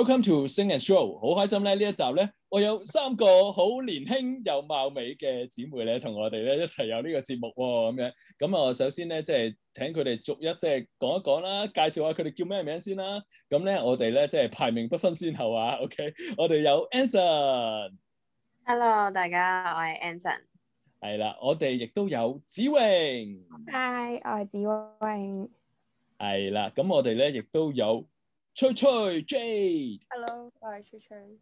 Welcome to Sing and Stroll。好開心咧，呢一集咧，我有三個好年輕又貌美嘅姊妹咧，同我哋咧一齊有呢個節目咁樣。咁啊，首先咧，即係請佢哋逐一即係講一講啦，介紹下佢哋叫咩名先啦。咁咧，我哋咧即係排名不分先後啊。OK，我哋有 Anson。Hello，大家，我係 Anson。係啦，我哋亦都有子穎。Hi，我係子穎。係啦，咁我哋咧亦都有。崔崔，Jay，Hello，我係，吹吹。Hello，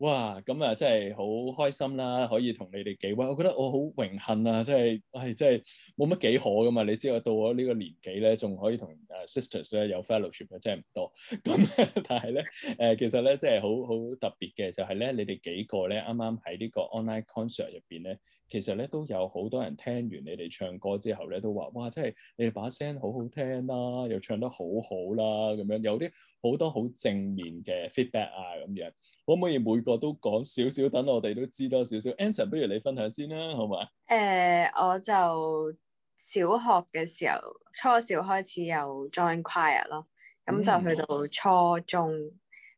哇，咁啊，真係好開心啦，可以同你哋幾位，我覺得我好榮幸啊，真係，唉、哎，係真係冇乜幾可噶嘛，你知我到我呢個年紀咧，仲可以同啊 Sisters 咧有 Fellowship 嘅真係唔多，咁 但係咧，誒，其實咧，真係好好特別嘅，就係、是、咧，你哋幾個咧，啱啱喺呢個 online concert 入邊咧。其實咧都有好多人聽完你哋唱歌之後咧都話：哇！真係你哋把聲好好聽啦、啊，又唱得好好、啊、啦，咁樣有啲好多好正面嘅 feedback 啊咁樣，可唔可以每個都講少少，等我哋都知道多少少？Anson，不如你分享先啦，好嘛？誒、呃，我就小學嘅時候，初小開始有 join choir 咯，咁就去到初中，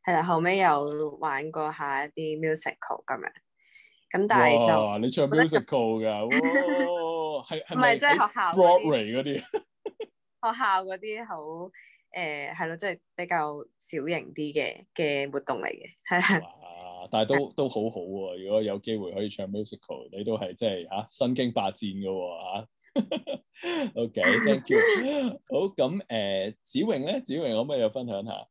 係啦、哦，後尾有玩過下一啲 musical 咁樣。咁但係就，哇你唱 musical 噶，係係得，唔係即係學校嗰啲，學校嗰啲好誒係咯，即、呃、係、就是、比較小型啲嘅嘅活動嚟嘅，係 啊，但係都都好好啊！如果有機會可以唱 musical，你都係即係吓身經百戰噶吓、啊啊、 ，OK，thank、okay, you， 好咁誒、呃，子榮咧，子榮可唔可以有咩嘢分享下？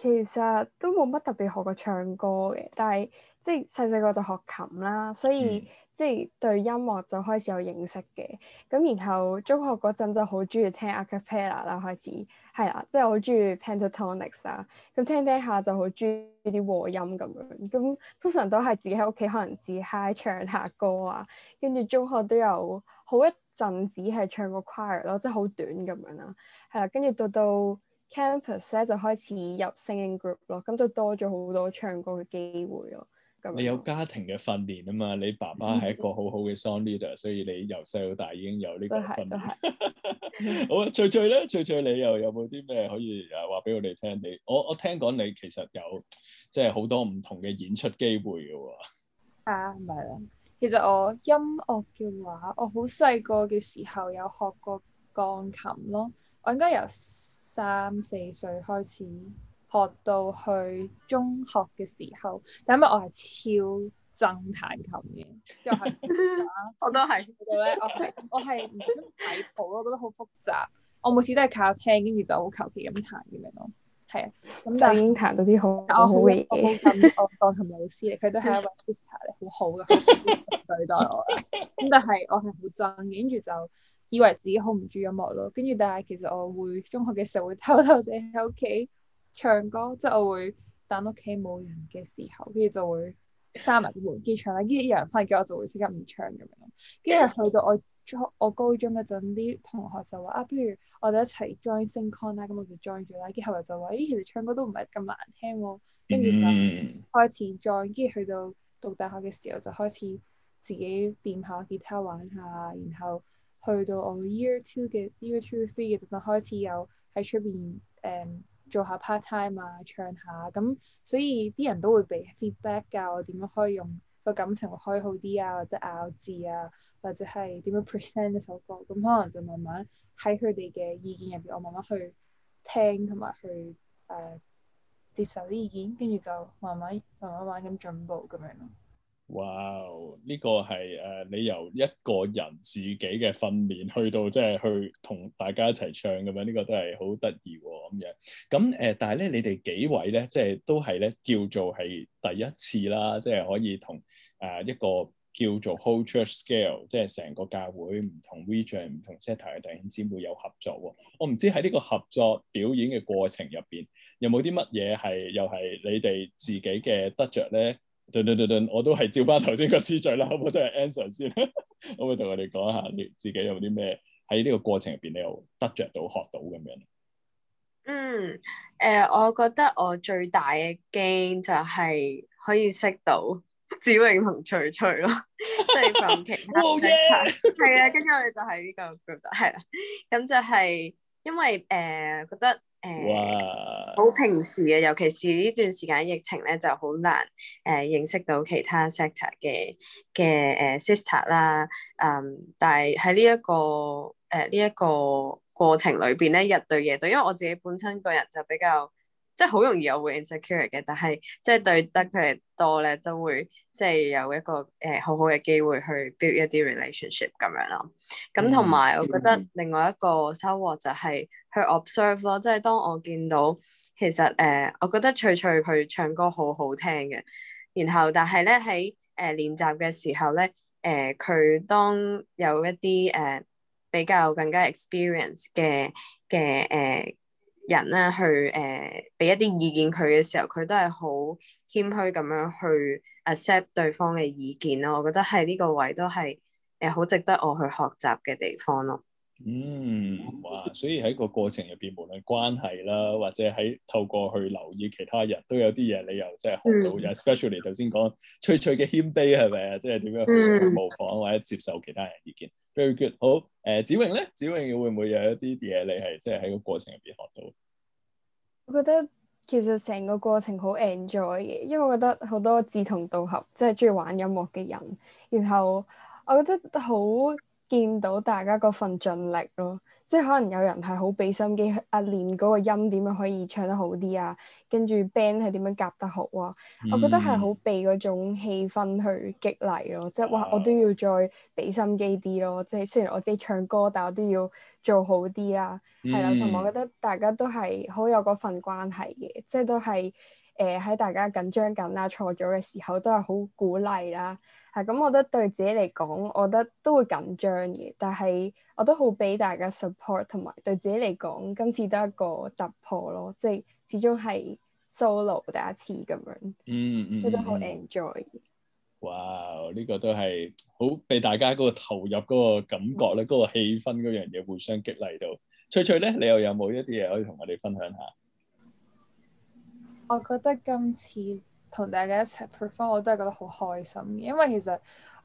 其實都冇乜特別學過唱歌嘅，但係即係細細個就學琴啦，所以、嗯、即係對音樂就開始有認識嘅。咁然後中學嗰陣就好中意聽 a cappella 啦，開始係啦，即係好中意 Pentatonix 啦，咁聽聽下就好中意啲和音咁樣。咁通常都係自己喺屋企可能自嗨唱下歌啊，跟住中學都有好一陣子係唱過 choir 咯，即係好短咁樣啦。係啦，跟住到到。campus 咧就開始入 singing group 咯，咁就多咗好多唱歌嘅機會咯。咁你有家庭嘅訓練啊嘛，你爸爸係一個好好嘅 song leader， 所以你由細到大已經有呢個訓練。 好啊，翠翠咧，翠翠你又有冇啲咩可以啊話俾我哋聽？你我我，聽講你其實有即係好多唔同嘅演出機會嘅喎。啊，咪啊，其實我音樂嘅話，我好細個嘅時候有學過鋼琴咯，我應該由三四歲開始學到去中學嘅時候，但係我係超憎彈琴嘅，之後係，我都係嗰度我我係唔睇譜咯，我覺得好複雜，我每次都係靠聽，跟住就好求其咁彈嘅咯。係、嗯、啊，咁就，就已經彈到啲好好嘅嘢。 我當同老師嚟，佢都係一位 p i a 好好嘅對待我。咁但係我係好憎，跟住就以為自己好唔鍾意音樂咯。跟住，但係其實我會中學嘅時候會偷偷地喺屋企唱歌，即係我會等屋企冇人嘅時候，跟住就會閂埋門，繼續唱啦。跟住有人翻嚟，我就會即刻唔唱咁樣。跟住去到我中我高中嗰陣，啲同學就話啊，不如我哋一齊 join sing con 啦、啊。咁我就 join 住啦。跟住後來就話，咦、欸，其實唱歌都唔係咁難聽。跟住就開始 join。跟住去到讀大學嘅時候，就開始。自己掂下吉他玩下，然後去到我 year two 嘅 year two three 嘅就，就開始有喺出邊誒做下 part time 啊，唱下咁，所以啲人都會被 feedback 教、啊、我點樣可以用個感情開好啲啊，或者咬字啊，或者係點樣 present 一首歌，咁可能就慢慢喺佢哋嘅意見入邊，我慢慢去聽同埋去誒、uh, 接受啲意見，跟住就慢慢，慢慢慢慢慢咁進步咁樣咯。哇！呢、wow, 個係誒你由一個人自己嘅訓練去到即係去同大家一齊唱咁、這個、樣，呢個都係好得意喎咁樣。咁、呃、誒，但係咧，你哋幾位咧，即係都係咧叫做係第一次啦，即係可以同誒、呃、一個叫做 Whole Church Scale，即係成個教會唔同 Region 唔同 Setting 嘅弟兄姊妹有合作喎。我唔知喺呢個合作表演嘅過程入邊，有冇啲乜嘢係又係你哋自己嘅得着咧？對對對對，我都係照翻頭先個次序啦，我都係 answer 先， 我咪同我哋講下你自己有啲咩喺呢個過程入邊，你又得着到學到咁樣。嗯，誒、呃，我覺得我最大嘅 gain 就係可以識到紫永同翠翠咯，即係 from 其他係啊，跟住我哋就係呢個 group 咁就係、係。因為誒、呃、覺得誒好、呃、哇平時嘅，尤其是呢段時間疫情咧就好難誒、呃、認識到其他 sector 嘅嘅誒、呃、sister 啦，嗯，但係喺呢一個誒呢一個過程裏邊咧，日對夜對，因為我自己本身個人就比較。即係好容易我會 insecure 嘅，但係即係對得佢哋多咧，都會即係有一個誒、呃、好好嘅機會去 build 一啲 relationship 咁樣咯。咁同埋我覺得另外一個收穫就係去 observe 咯，即係當我見到其實誒、呃，我覺得翠翠佢唱歌好好聽嘅，然後但係咧喺誒練習嘅時候咧，誒、呃、佢當有一啲誒、呃、比較更加 experience 嘅嘅誒，人咧去誒俾、呃、一啲意見佢嘅時候，佢都係好謙虛咁樣去 accept 對方嘅意見咯。我覺得係呢個位都係誒好值得我去學習嘅地方咯。嗯，哇！所以喺個過程入邊，無論關係啦，或者喺透過去留意其他人都有啲嘢你又即係學到，especially 頭先講脆脆嘅謙卑係咪啊？即係點樣模仿、嗯、或者接受其他人意見？Very good. 好，誒子榮咧，子榮會唔會有一啲嘢你係即係喺個過程入邊學到？我覺得其實成個過程好 enjoy 嘅，因為我覺得好多志同道合，即係鍾意玩音樂嘅人，然後我覺得好見到大家嗰份盡力咯。即係可能有人係好俾心機，阿練嗰個音點樣可以唱得好啲啊？跟住 band 係點樣夾得好啊？嗯、我覺得係好俾嗰種氣氛去激勵咯，即係哇我都要再俾心機啲咯。即係雖然我自己唱歌，但我都要做好啲啦、啊。係啦、嗯，同埋我覺得大家都係好有嗰份關係嘅，即係都係。誒，喺、呃、大家緊張緊啦、錯咗嘅時候，都係好鼓勵啦。係咁，我覺得對自己嚟講，我覺得都會緊張嘅，但係我都好俾大家 support，同埋對自己嚟講，今次都係一個突破咯。即係始終係 solo 第一次咁樣，嗯嗯，都好 enjoy。哇，呢、這個都係好俾大家嗰個投入、嗰個感覺咧，嗰、嗯、個氣氛嗰樣嘢互相激勵到。翠翠咧，你又有冇一啲嘢可以同我哋分享下？我覺得今次同大家一齊 perform，我都係覺得好開心嘅，因為其實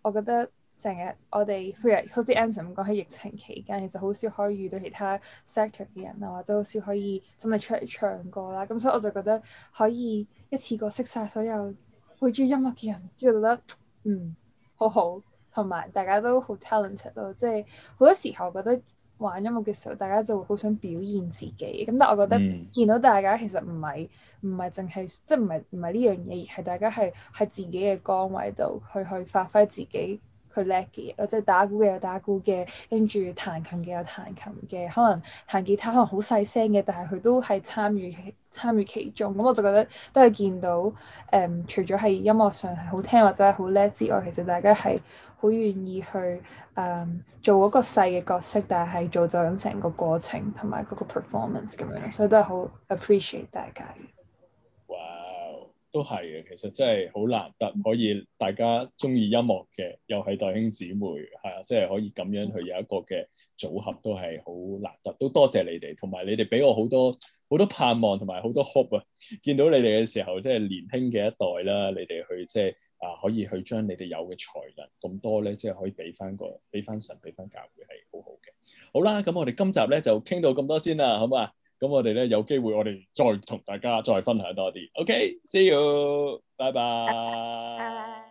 我覺得成日我哋譬如好似 Anson 講喺疫情期間，其實好少可以遇到其他 sector 嘅人啊，或者好少可以真係出嚟唱歌啦，咁所以我就覺得可以一次過識晒所有會鍾意音樂嘅人，跟住覺得嗯好好，同埋大家都好 talented 咯，即係好多時候我覺得。玩音樂嘅時候，大家就會好想表現自己。咁但我覺得見到大家、嗯、其實唔係唔係淨係即係唔係唔係呢樣嘢，而係大家係喺自己嘅崗位度去去發揮自己。去叻嘅嘢咯，即係、就是、打鼓嘅有打鼓嘅，跟住彈琴嘅有彈琴嘅，可能彈吉他可能好細聲嘅，但係佢都係參與參與其中。咁我就覺得都係見到誒、嗯，除咗係音樂上係好聽或者係好叻之外，其實大家係好願意去誒、嗯、做嗰個細嘅角色，但係做就咁成個過程同埋嗰個 performance 咁樣，所以都係好 appreciate 大家。都係嘅，其實真係好難得可以大家鍾意音樂嘅，又係弟兄姊妹，係啊，即係可以咁樣去有一個嘅組合，都係好難得，都多謝你哋，同埋你哋俾我好多好多盼望同埋好多 hope 啊！見到你哋嘅時候，即係年輕嘅一代啦，你哋去即係啊，可以去將你哋有嘅才能咁多咧，即係可以俾翻個俾翻神，俾翻教會係好好嘅。好啦，咁我哋今集咧就傾到咁多先啦，好嘛？咁我哋咧有機會，我哋再同大家再分享多啲。OK，see you，拜拜。